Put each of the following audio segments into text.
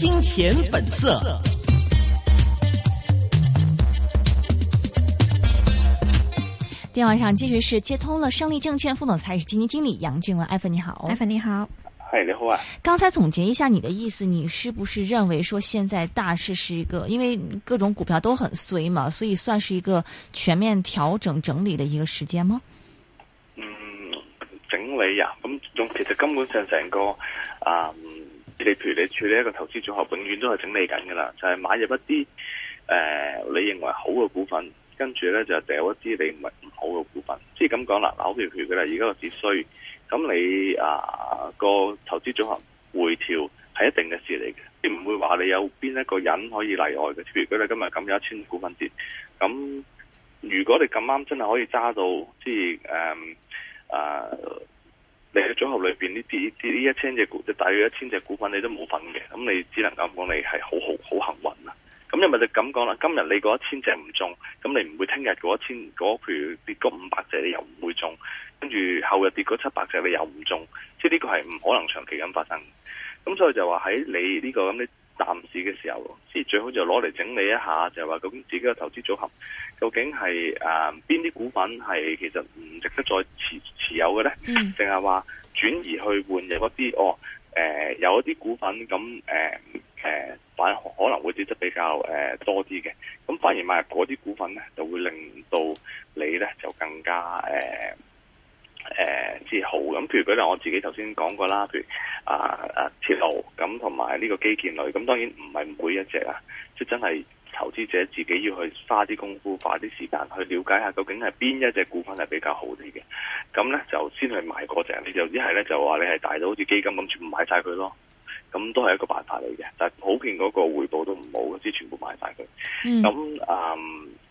金錢本色。今天晚上繼續是接通了，勝利證券副總裁、基金經理楊俊文，艾芬你好。艾芬你好。嗨、hey，你好啊。剛才總結一下你的意思，你是不是認為說現在大市是一個，因為各種股票都很衰嘛，所以算是一個全面調整、整理的一個時間嗎？嗯，整理呀、啊，咁總其實根本上成個啊。你譬如你處理一個投資組合，永遠都係整理緊噶啦，就係、是、買入一啲誒、呃，你認為好嘅股份，跟住咧就掉一啲你唔係唔好嘅股份。即係咁講啦，扭斷斷嘅啦。而家個跌勢咁你啊、那個投資組合回調係一定嘅事嚟嘅，即係唔會話你有邊一個人可以例外嘅。譬如佢哋今日咁有一千股份跌，咁如果你咁啱真係可以揸到，即係誒啊。你喺組合裏邊呢啲啲呢一千隻股，大約一千隻股份你都冇份嘅，咁你只能夠講你係好好好幸運啦。咁又咪就咁講啦？今日你嗰一千隻唔中，咁你唔會聽日嗰一千嗰譬如跌個五百隻你又唔會中，跟住後日跌嗰七百隻你又唔中，即係呢個係唔可能長期咁發生。咁所以就話喺你呢、這個咁咧。暫時嘅時候，即係最好就攞嚟整理一下，就係話咁自己嘅投資組合究竟係誒邊啲股份係其實唔值得再持持有嘅咧？嗯，淨係話轉移去換入一啲哦，誒、呃、有一啲股份，咁誒誒反可能會跌得比較誒、呃、多啲嘅，咁、呃、反而買入嗰啲股份咧，就會令到你咧就更加誒。呃誒、嗯，之好咁，譬如舉例我自己頭先講過啦，譬如啊啊鐵路咁，同埋呢個基建類，咁當然唔係每一隻啊，即、就、係、是、真係投資者自己要去花啲功夫，花啲時間去了解下究竟係邊一隻股份係比較好啲嘅。咁咧就先去買嗰隻，你就一係咧就話你係大到好似基金咁，全部買晒佢咯，咁都係一個辦法嚟嘅，但係普遍嗰個回報都唔好，即係全部買晒佢。咁、嗯、啊，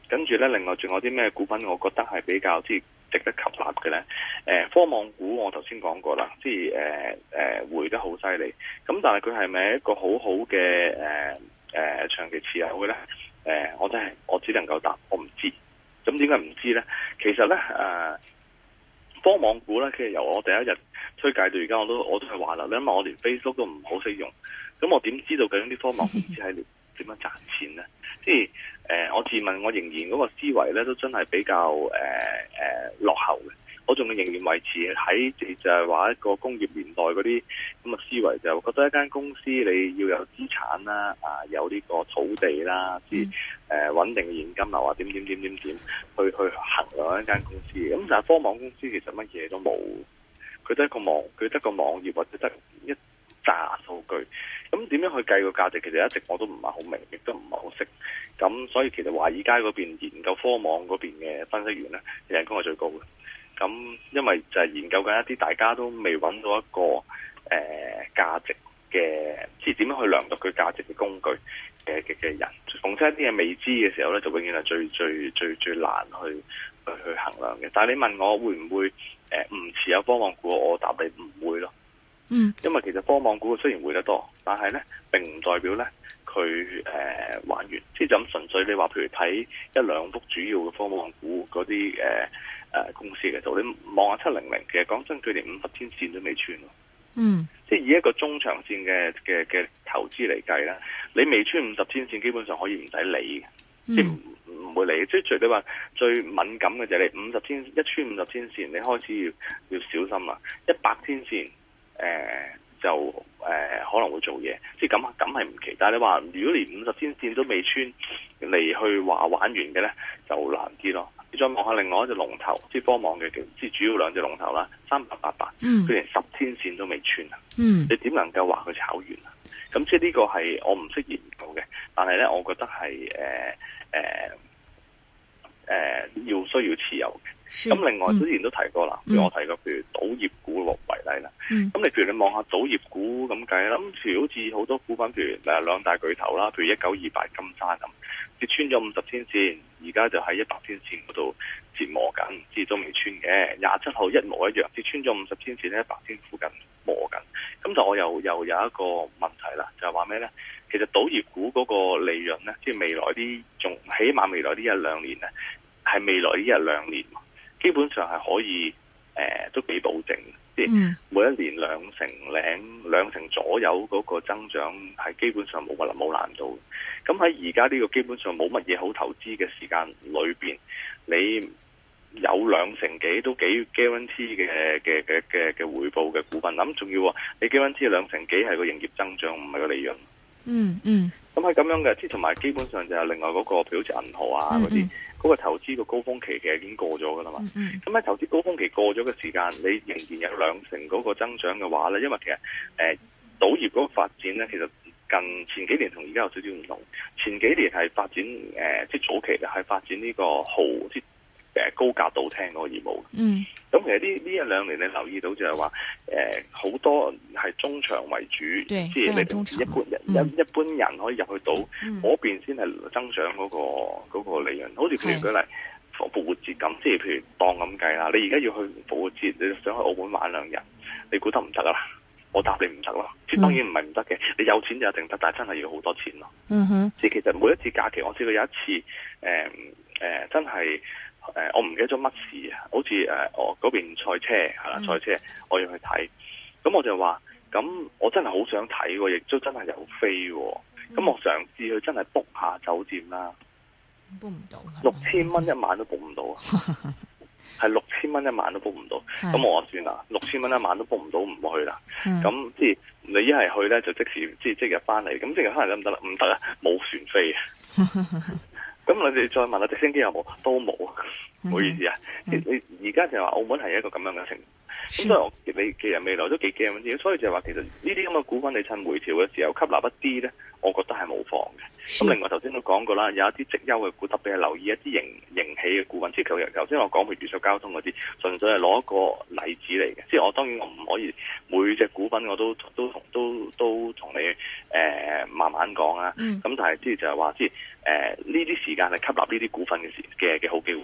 跟住咧，另外仲有啲咩股份，我覺得係比較即係值得吸納嘅咧？誒、呃呃呃呃呃，科網股我頭先講過啦，即係誒誒，回得好犀利。咁但係佢係咪一個好好嘅誒誒長期持有嘅咧？誒，我真係我只能夠答，我唔知。咁點解唔知咧？其實咧誒，科網股咧，其實由我第一日推介到而家，我都我都係話啦。因為我連 Facebook 都唔好識用，咁我點知道究竟啲科網股唔知係點樣賺錢咧？即係誒，我自問我仍然嗰個思維咧，都真係比較誒誒、呃呃、落後嘅。我仲仍然維持喺就係、是、話一個工業年代嗰啲咁嘅思維，就是、覺得一間公司你要有資產啦，啊有呢個土地啦，之、啊、誒穩定嘅現金流啊，點點點點點去去衡量一間公司。咁、啊、但係科網公司其實乜嘢都冇，佢得一個網，佢得個網頁或者得一紮數據。咁點樣去計個價值？其實一直我都唔係好明，亦都唔係好識。咁所以其實華爾街嗰邊研究科網嗰邊嘅分析員咧，人工係最高嘅。咁，因為就係研究緊一啲大家都未揾到一個誒、呃、價值嘅，即係點樣去量度佢價值嘅工具嘅嘅、呃、人。逢親一啲嘢未知嘅時候咧，就永遠係最最最最難去去去衡量嘅。但係你問我會唔會誒唔、呃、持有科網股，我答你唔會咯。嗯，因為其實科網股雖然會得多，但係咧並唔代表咧。佢誒玩完，即、呃、係就咁、是、純粹你話，譬如睇一兩幅主要嘅科行股嗰啲誒誒公司嘅，就你望下七零零，其實講真，佢連五十天線都未穿咯。嗯，即、就、係、是、以一個中長線嘅嘅嘅投資嚟計啦，你未穿五十天線，基本上可以唔使理嘅，唔、嗯、唔、就是、會理。即係最你話最敏感嘅就係你五十天一穿五十天線，你開始要、要小心啦。一百天線誒。呃就誒、呃、可能會做嘢，即係咁咁係唔奇。但係你話如果連五十天線都未穿嚟去話玩完嘅咧，就難啲咯。你再望下另外一隻龍頭，即係科網嘅，即係主要兩隻龍頭啦，三百八八，佢連十天線都未穿啊、嗯！你點能夠話佢炒完啊？咁即係呢個係我唔識研究嘅，但係咧，我覺得係誒誒誒要需要持有嘅。咁另外之前都提過啦，譬、嗯、如我提過，譬、嗯、如賭業股攞為例啦。咁、嗯、你譬如你望下賭業股咁計啦，咁譬如好似好多股份譬如兩大巨頭啦，譬如一九二八金沙咁，跌穿咗五十天線，而家就喺一百天線嗰度折磨緊，至都未穿嘅。廿七號一模一樣，跌穿咗五十天線咧，一百天附近磨緊。咁但我又又有一個問題啦，就係話咩咧？其實賭業股嗰個利潤咧，即係未來啲，仲起碼未來啲一兩年咧，係未來啲一兩年。基本上係可以，誒、呃，都幾保證，即、嗯、係每一年兩成零、兩成左右嗰個增長係基本上冇乜冇難度。咁喺而家呢個基本上冇乜嘢好投資嘅時間裏邊，你有兩成幾都幾 guarantee 嘅嘅嘅嘅嘅回報嘅股份，諗仲要你 guarantee 兩成幾係個營業增長，唔係個利潤。嗯嗯。咁喺咁樣嘅，即係同埋基本上就係另外嗰、那個，譬如好似銀行啊嗰啲。嗯嗯嗰、那個投資嘅高峰期其實已經過咗噶啦嘛，咁喺投資高峰期過咗嘅時間，你仍然有兩成嗰個增長嘅話咧，因為其實誒、呃，賭業嗰個發展咧，其實近前幾年同而家有少少唔同，前幾年係發展誒、呃，即係早期嘅係發展呢個豪。誒，高價賭廳嗰個業務，嗯，咁其實呢呢一兩年你留意到就係話，誒、呃，好多係中場為主，即係中場，一般一、嗯、一般人可以入去到嗰邊先係增長嗰、那個嗰、那個利潤。好似譬如舉例，復活節咁，即係譬如當咁計啦，你而家要去復活節，你想去澳門玩兩日，你估得唔得噶啦？我答你唔得咯，即、嗯、當然唔係唔得嘅，你有錢就一定得，但係真係要好多錢咯。嗯、哼，即係其實每一次假期，我知道有一次，誒、呃、誒、呃，真係。誒、呃，我唔記得咗乜事，呃嗯、啊，好似誒，我嗰邊賽車係啦，賽車我要去睇，咁我就話，咁我真係好想睇喎，亦都真係有飛，咁我嘗試去真係 book 下酒店啦，book 唔到，六千蚊一晚都 book 唔到，係六千蚊一晚都 book 唔到，咁 我算啦，六千蚊一晚都 book 唔到，唔去啦，咁即係你一係去咧就即時即係即日翻嚟，咁即日可能得唔得啦？唔得啊，冇船飛。 咁你哋再問下直升機有冇？都冇啊，唔好意思啊。mm-hmm.。你而家就係話澳門係一個咁樣嘅情況，咁所以我你其實未來都幾驚，所以就係話其實呢啲咁嘅股份你趁回調嘅時候吸納一啲咧，我覺得係冇妨嘅。咁另外頭先都講過啦，有一啲績優嘅股，特別係留意一啲盈盈喜嘅股份，即係頭頭先我講譬如輸送交通嗰啲，純粹係攞一個例子嚟嘅。即係我當然我唔可以每隻股份我都都都都都。都都都同你誒、呃、慢慢講啊，咁、嗯、但係即係就係話，即係誒呢啲時間係吸納呢啲股份嘅時嘅嘅好機會。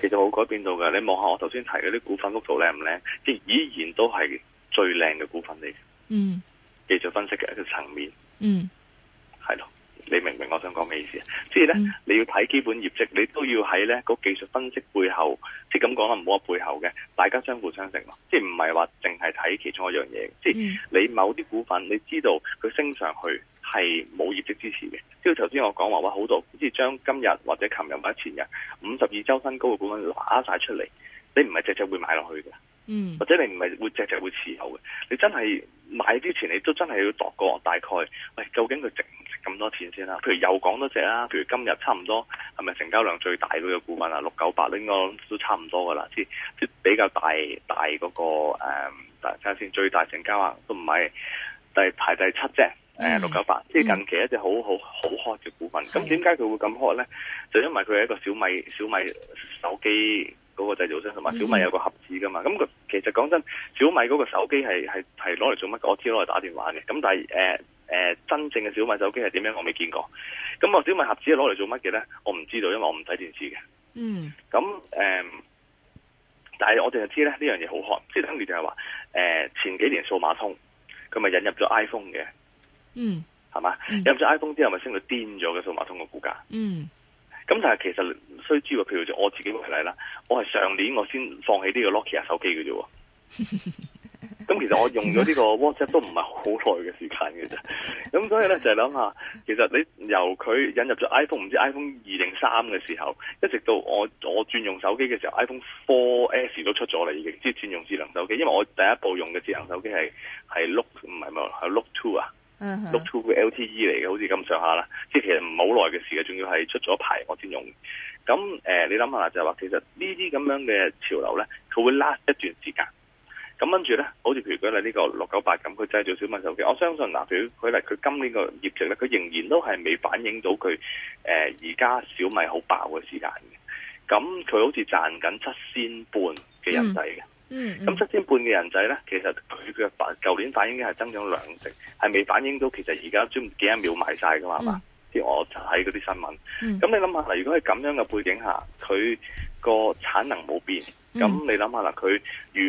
其實好改變到嘅，你望下我頭先提嗰啲股份幅度靚唔靚？即係依然都係最靚嘅股份嚟。嗯，技術分析嘅一個層面。嗯，係咯，你明唔明我想講咩意思？即係咧、嗯，你要睇基本業績，你都要喺咧個技術分析背後，即係咁講啦，唔好話背後嘅，大家相輔相成咯。即係唔係話淨係睇其中一樣嘢、嗯，即係你某啲股份，你知道佢升上去。係冇業績支持嘅，即係頭先我講話話好多，好似將今日或者琴日或者前日五十二周新高嘅股份拉晒出嚟，你唔係隻隻會買落去嘅，嗯、mm.，或者你唔係會隻隻會持有嘅，你真係買之前你都真係要度過大概，喂，究竟佢值唔值咁多錢先啦？譬如又講多隻啦，譬如今日差唔多係咪成交量最大嗰個股份啊？六九八應該都差唔多噶啦，即即比較大大嗰、誒，大家先，最大成交都唔係第排第七隻。誒、嗯，六九八，即係近期一隻好好好 hot 嘅股份。咁點解佢會咁 hot 咧？就因為佢係一個小米小米手機嗰個製造商，同埋小米有個盒子噶嘛。咁、嗯、佢其實講真，小米嗰個手機係係係攞嚟做乜？我知攞嚟打電話嘅。咁但係誒誒，真正嘅小米手機係點樣？我未見過。咁、那、我、個、小米盒子攞嚟做乜嘅咧？我唔知道，因為我唔睇電視嘅。嗯。咁誒、呃，但係我淨係知咧呢樣嘢好 hot，即係等於就係話，誒、呃、前幾年數碼通佢咪引入咗 iPhone 嘅。嗯，係嘛？引入 iPhone 之後，咪升到癲咗嘅數碼通嘅股價。嗯，咁、嗯、但係其實需知嘅，譬如我自己為例啦，我係上年我先放棄呢個 Nokia 手機嘅啫。咁 其實我用咗呢個 WhatsApp 都唔係好耐嘅時間嘅啫。咁所以咧就係、是、諗下，其實你由佢引入咗 iPhone 唔知 iPhone 二定三嘅時候，一直到我我轉用手機嘅時候，iPhone Four S 都出咗啦，已經即係轉用智能手機。因為我第一部用嘅智能手機係係 Look 唔係冇係 Look Two 啊。y o u t u LTE 嚟嘅，好似咁上下啦，即係其實唔好耐嘅事嘅，仲要係出咗牌我先用。咁誒，你諗下就係話，其實呢啲咁樣嘅潮流咧，佢會拉一段時間。咁跟住咧，好似譬如舉例呢個六九八咁，佢製造小米手機，我相信嗱，譬如舉例佢今年個業績咧，佢仍然都係未反映到佢誒而家小米好爆嘅時間嘅。咁佢好似賺緊七仙半嘅人仔嘅。Mm -hmm. 嗯，咁、嗯、七千半嘅人仔咧，其實佢嘅反舊年反映嘅係增長兩成，係未反映到其實而家專幾一秒賣晒噶嘛，即、嗯、係我就睇嗰啲新聞。咁、嗯、你諗下啦，如果喺咁樣嘅背景下，佢個產能冇變，咁你諗下啦，佢、嗯、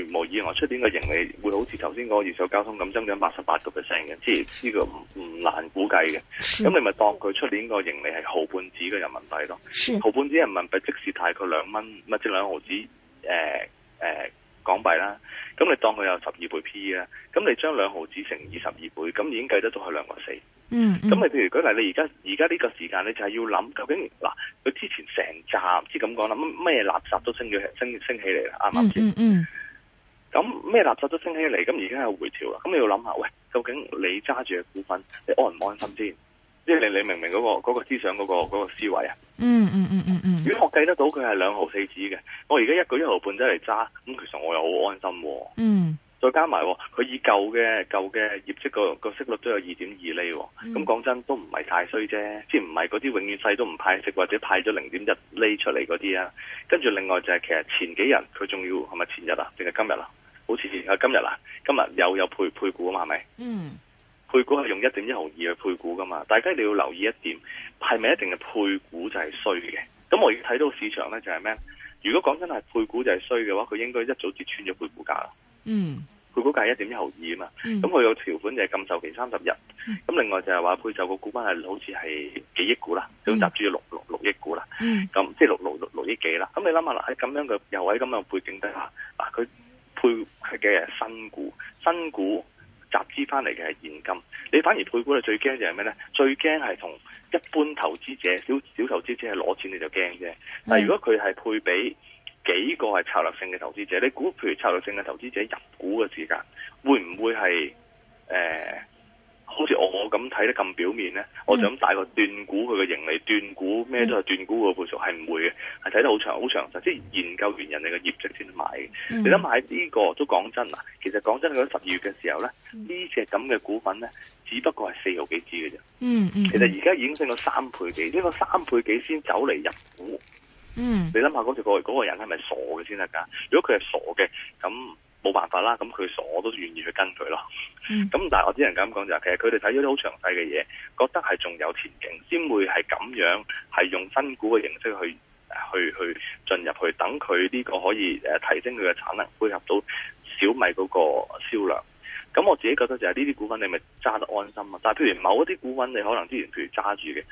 如無意外，出年嘅盈利會好似頭先嗰個二手交通咁，增長八十八個 percent 嘅，即係呢個唔唔難估計嘅。咁你咪當佢出年個盈利係毫半子嘅人民幣咯，毫半子人民幣即時大概兩蚊，唔即係兩毫子，誒、呃、誒。呃港幣啦，咁你當佢有十二倍 PE 啦，咁你將兩毫紙乘以十二倍，咁已經計得到係兩個四。嗯，咁、嗯、你譬如舉例，你而家而家呢個時間，你就係要諗究竟嗱，佢、啊、之前成集即係咁講，諗咩垃圾都升咗升升起嚟啦，啱唔啱先？嗯。咁、嗯、咩、嗯、垃圾都升起嚟，咁而家有回調啦，咁你要諗下，喂，究竟你揸住嘅股份，你安唔安心先？即係你你明唔明嗰個嗰個思想嗰個嗰個思維啊？嗯嗯嗯嗯嗯。如果我計得到佢係兩毫四紙嘅，我而家一個一毫半仔嚟揸，咁其實我又好安心啊。嗯。再加埋，佢以舊嘅舊嘅業績個個息率都有二點二厘，咁、嗯、講真都唔係太衰啫。即係唔係嗰啲永遠細都唔派息或者派咗零點一厘出嚟嗰啲啊？跟住另外就係其實前幾日佢仲要係咪前日啊？定係今日啊？好似啊今日啦、啊啊，今日有有配配股啊嘛？係咪？嗯。配股係用一點一毫二去配股噶嘛？大家你要留意一點，係咪一定係配股就係衰嘅？咁我要睇到市場咧就係、是、咩？如果講真係配股就係衰嘅話，佢應該一早跌穿咗配股價啦。嗯，配股價係一點一毫二啊嘛。咁佢有條款就係禁售期三十日。咁、嗯、另外就係話配售個股份係好似係幾億股啦，總、嗯、集資六六六億股啦。咁、嗯、即係六六六六億幾啦。咁你諗下啦，喺咁樣嘅又喺咁樣嘅背景底下，嗱佢配佢嘅新股，新股。集資翻嚟嘅係現金，你反而配股你最驚就係咩呢？最驚係同一般投資者、小小投資者攞錢你就驚啫。但如果佢係配畀幾個係策略性嘅投資者，你估譬如策略性嘅投資者入股嘅時間，會唔會係誒？呃好似我咁睇得咁表面咧、嗯，我就咁大個斷股佢嘅盈利，斷股咩都係斷股嘅倍數係唔會嘅，係睇得好長好長，即係、就是、研究完人哋嘅業績先買、嗯。你諗下呢個都講真啊，其實講真，佢個十二月嘅時候咧，呢隻咁嘅股份咧，只不過係四毫幾嘅啫。嗯，嗯嗯，其實而家已經升到三倍幾，呢、這個三倍幾先走嚟入股。嗯，你諗下嗰條嗰個人係咪傻嘅先得㗎？如果佢係傻嘅咁。冇辦法啦，咁佢傻我都願意去跟佢咯。咁、嗯、但係我只能咁講就係，其實佢哋睇咗啲好詳細嘅嘢，覺得係仲有前景，先會係咁樣，係用新股嘅形式去，去去進入去，等佢呢個可以誒提升佢嘅產能，配合到小米嗰個銷量。咁我自己覺得就係呢啲股份你咪揸得安心啊！但係譬如某一啲股份你可能之前譬如揸住嘅，誒，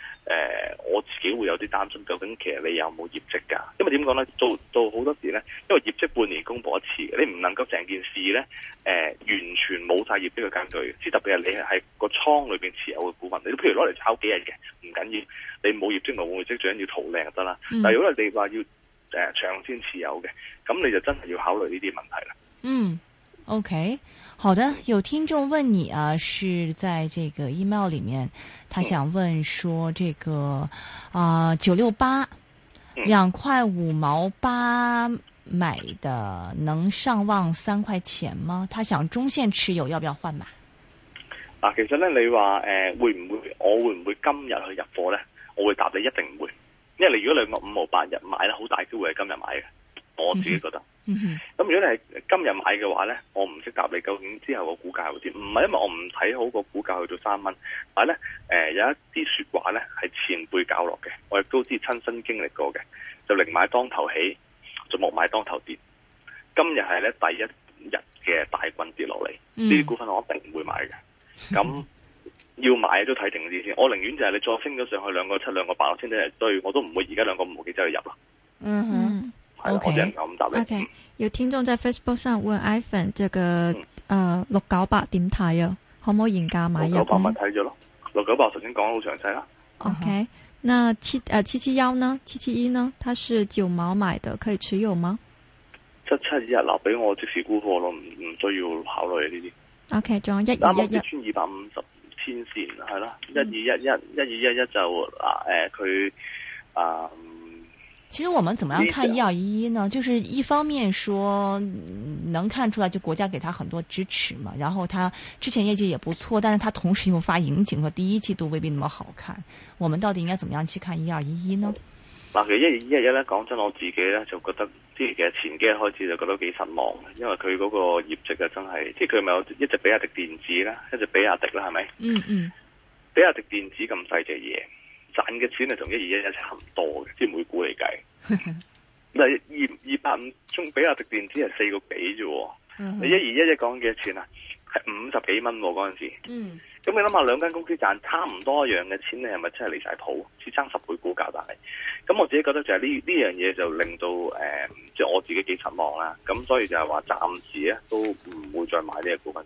我自己會有啲擔心，究竟其實你有冇業績㗎？因為點講咧，做做好多時咧，因為業績半年公佈一次，你唔能夠成件事咧、呃，完全冇晒業績嘅根據。即特別係你係個倉裏面持有嘅股份，你都譬如攞嚟炒幾日嘅，唔緊要，你冇業績咪會即係最緊要逃命得啦。但係如果你話要誒、呃、長線持有嘅，咁你就真係要考慮呢啲問題啦。嗯，OK。好的，有聽眾問你啊，是在這個 email 裡面，他想問說這個啊九六八兩塊五毛八買的能上望三塊錢嗎？他想中線持有，要不要換嗎？啊其實呢，你話誒、呃、會唔會？我會唔會今日去入貨呢？我會答你一定會，因為你如果兩個五毛八日買咧，好大機會係今日買嘅。我自己覺得，咁、嗯啊、如果你係今日買嘅話呢，我唔識答你究竟之後個股價會點。唔係因為我唔睇好個股價去到三蚊，但係呢、呃，有一啲說話呢係前輩教落嘅，我亦都知親身經歷過嘅，就寧買當頭起，就莫買當頭跌。今日係呢第一日嘅大軍跌落嚟，呢啲股份我一定唔會買嘅。咁、嗯、要買都睇定啲先，我寧願就係你再升咗上去兩個七兩個八，升得嚟追，我都唔會而家兩個五號幾之去入咯。嗯 O K，K，有聽眾在 Facebook 上問 iPhone 這個誒六九八點睇啊，可唔可以原價買入？六九八睇咗咯，六九八頭先講得好詳細啦。O K，那七誒七七幺呢？七七一呢？它是九毛買的，可以持有嗎？七七一留俾我即時沽貨咯，唔唔需要考慮呢啲。O K，仲有一二一一穿二百五十天線係啦，一二一一一二一一就嗱誒佢啊。呃其實我們怎麼樣看一二一一呢？就是一方面說能看出來，就國家給他很多支持嘛。然後他之前業績也不錯，但是他同時又發盈警，說第一季度未必那麼好看。我們到底應該怎麼樣去看一二一一呢？嗱，其實一二一一咧，講真，我自己咧就覺得，即係其實前幾日開始就覺得幾失望嘅，因為佢嗰個業績啊，真係，即係佢咪有一隻比亞迪電子啦，一隻比亞迪啦，係咪？嗯嗯。比亞迪電子咁細隻嘢。賺嘅錢係同一二一一差唔多嘅，即係每股嚟計，嗱，二二百五中比亞迪電子係四個幾啫。 你一二一一講幾多錢啊？係五十幾蚊嗰陣時。嗯，咁你諗下，兩間公司賺差唔多一樣嘅錢，你係咪真係離晒譜？只爭十倍股價，但係，咁我自己覺得就係呢呢樣嘢就令到誒，即、嗯、係、就是、我自己幾失望啦。咁所以就係話暫時咧都唔會再買呢一股份。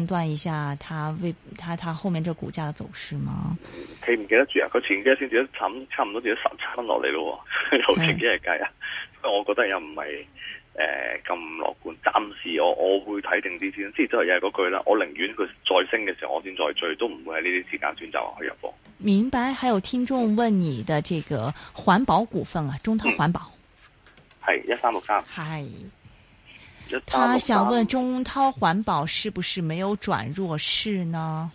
判斷一下他，他未他他後面這個股價的走勢嗎？記唔記得住啊，佢前幾日先至咗，差差唔多跌咗十七蚊落嚟咯，有前幾日計啊，所以我覺得又唔係誒咁樂觀。暫時我我會睇定啲先，之前都係又係嗰句啦，我寧願佢再升嘅時候我先再追，都唔會喺呢啲時間選擇去入貨。明白，還有聽眾問你的這個環保股份啊，中滔環保係一三六三，係、嗯。他想問中滔環保是不是沒有轉弱勢呢？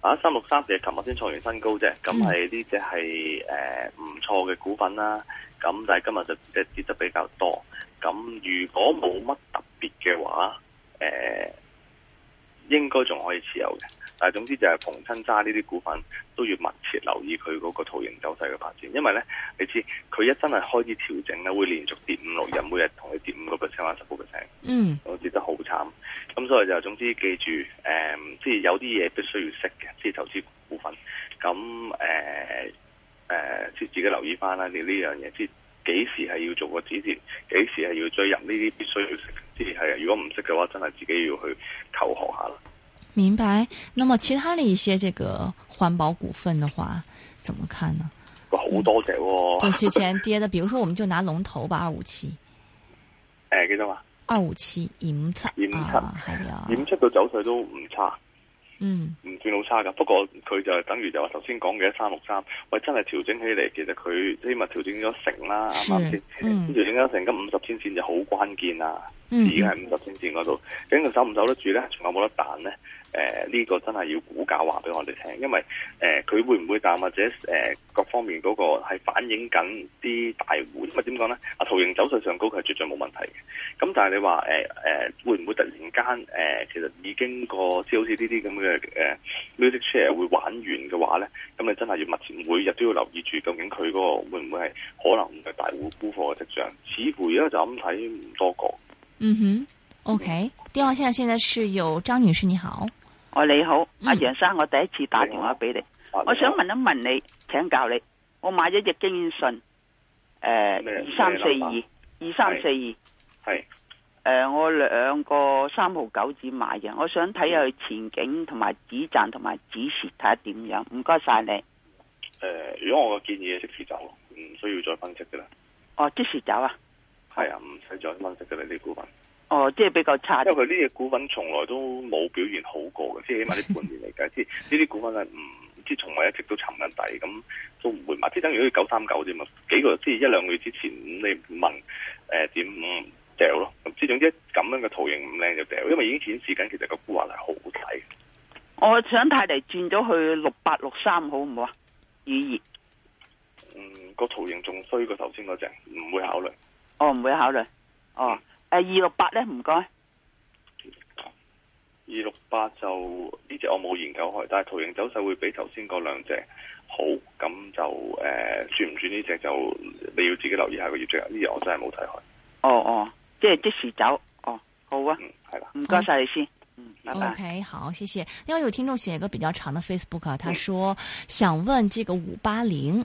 啊，三六三四，琴日先創完新高啫，咁係呢隻係誒唔錯嘅股份啦。咁但係今日就跌跌得比較多。咁如果冇乜特別嘅話，誒、呃，應該仲可以持有嘅。但係總之就係逢親揸呢啲股份都要密切留意佢嗰個圖形走勢嘅發展，因為咧你知佢一真係開始調整咧，會連續跌五六日，每日同你跌五個 percent 或者十 percent，嗯，我跌得好慘，咁所以就總之記住，誒、嗯，即係有啲嘢必須要識嘅，即係投資股份，咁誒，誒、呃，即係自己留意翻啦，你呢樣嘢，即係幾時係要做個指示，幾時係要追入，呢啲必須要識，即係，如果唔識嘅話，真係自己要去求學下啦。明白，那麼其他的一些這個環保股份的話，怎麼看呢？好、嗯、多隻喎、哦。 對之前跌的，比如說我們就拿龍頭吧，二五七。誒、呃，幾多啊？二五七，五、啊、七，五七係啊，五七嘅走勢都唔差。嗯。唔算好差㗎，不過佢就係等於就話頭先講嘅三六三，喂，真係調整起嚟，其實佢起碼調整咗成啦，啱啱先？嗯。跟住點成咁五十天線就好關鍵啦、啊、嗯。已經係五十天線嗰度，咁佢守唔守得住咧？仲有冇得彈咧？誒、呃，呢、這個真係要股價話俾我哋聽，因為誒，佢、呃、會唔會但或者誒，各方面嗰個係反映緊啲大戶，因為點講咧？啊，圖形走勢上高，佢係絕對冇問題嘅。咁但係你話誒誒，會唔會突然間誒、呃，其實已經個即係好似呢啲咁嘅誒，music chair 會玩完嘅話咧，咁你真係要密切每日都要留意住，究竟佢嗰個會唔會係可能係大戶沽貨嘅跡象？似乎而家就咁睇，唔多講。嗯哼，OK，電話線現在是有張女士，你好。我、哦、你好，阿楊生，我第一次打電話俾你，你、啊，我想問一問你，請教你，我買咗隻京信，誒二三四二二三四二，係，誒、呃、我兩個三毫九子買嘅，我想睇下佢前景同埋、嗯、止賺同埋止蝕睇下點樣，唔該晒你。誒、呃，如果我嘅建議是即時走，唔需要再分析噶啦。哦，即時走啊？係啊，唔使再分析噶啦呢啲股份。哦，即係比較差的，因為佢呢隻股份從來都冇表現好過嘅，即係起碼呢半年嚟計，即係呢啲股份係唔即係從來一直都沉緊底，咁都唔會買。即係等於好似九三九啫嘛，幾個即係一,一兩個月之前，你問誒點掉咯。咁、呃、即、嗯、總之咁樣嘅圖形唔靚就掉，因為已經顯示緊其實個股運係好低。我想帶嚟轉咗去六八六三，好唔好啊？二二嗯，個圖形仲衰過頭先嗰隻，唔會考慮。哦，唔會考慮。哦。嗯誒、呃，二六八咧，唔該。二六八就呢隻我冇研究開，但係圖形走勢會比頭先嗰兩隻好，咁就誒、呃，轉唔轉呢隻就你要自己留意下個業績，呢隻我真係冇睇開。哦哦，即係即時走，嗯、哦好啊，係、嗯、啦，唔該晒你先，嗯拜拜，OK，好，謝謝。因為有聽眾寫一個比較長嘅 Facebook，佢說、嗯、想問這個五八零。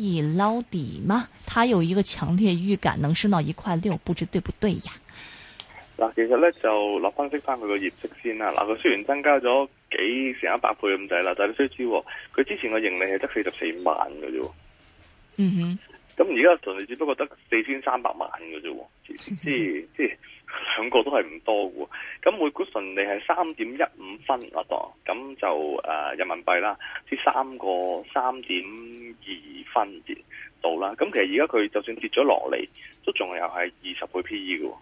以撈底嘛，他有一個強烈預感能升到一塊六，不知對不對呀？嗱，其實咧就嚟分析翻佢個業績先啦。嗱，佢雖然增加咗幾成一百倍咁滯啦，但係你需知喎，佢之前個盈利係得四十四萬嘅啫。嗯哼，咁而家同你只不過得四千三百萬嘅啫，即係即係。嗯兩個都係唔多嘅，咁每股純利係三點一五分咯，咁就誒人民幣啦跌三個三點二分度啦，咁其實而家佢就算跌咗落嚟，都仲係又係二十倍 P E 嘅。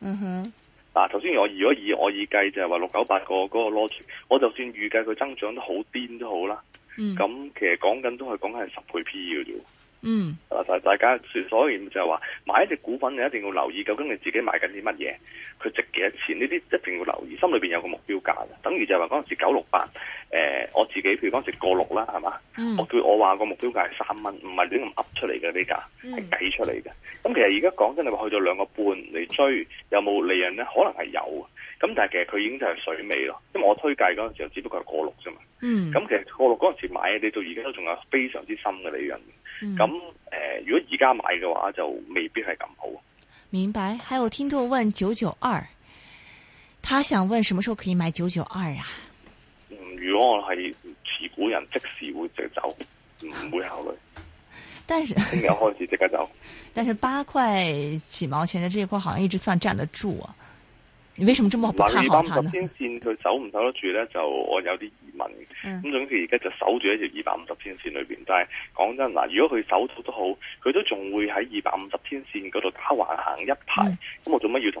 嗯、mm、哼 -hmm. 啊，嗱頭先我如果以我以計就係話六九八個嗰個 logic，我就算預計佢增長得好好癲都好啦，咁、mm -hmm. 其實講緊都係講緊係十倍 P E 嘅啫。嗯，嗱，大大家所所以就係話買一隻股份，你一定要留意究竟你自己買緊啲乜嘢，佢值幾多錢？呢啲一定要留意，心裏邊有個目標價嘅。等於就係話嗰陣時九六八，誒，我自己譬如嗰陣時過六啦，係、嗯、嘛？我佢我話個目標價係三蚊，唔係亂咁噏出嚟嘅呢價，係計、嗯、出嚟嘅。咁、嗯嗯、其實而家講真，你話去到兩個半你追，有冇利潤咧？可能係有，咁但係其實佢已經就係水尾咯，因為我推介嗰陣時只不過係過六啫嘛。嗯，咁其實過六嗰陣時買，你到而家都仲有非常之深嘅利潤。咁、嗯、誒、呃、如果而家買嘅話就未必係咁好。明白，還有聽眾問九九二，他想問什麼時候可以買九九二啊？嗯，如果我係持股人，即時會直走，唔會考慮。聽日開始即刻走。 但是八塊幾毛錢嘅這一塊好像一直算站得住啊！你為什麼這麼不看好佢呢？八三十天線佢走唔走得住咧？就我有啲。問，咁總之而家就守住一條二百五十天線裏邊。但係講真嗱，如果佢守住都好，佢都仲會喺二百五十天線嗰度打橫行一排，咁我做乜要同佢？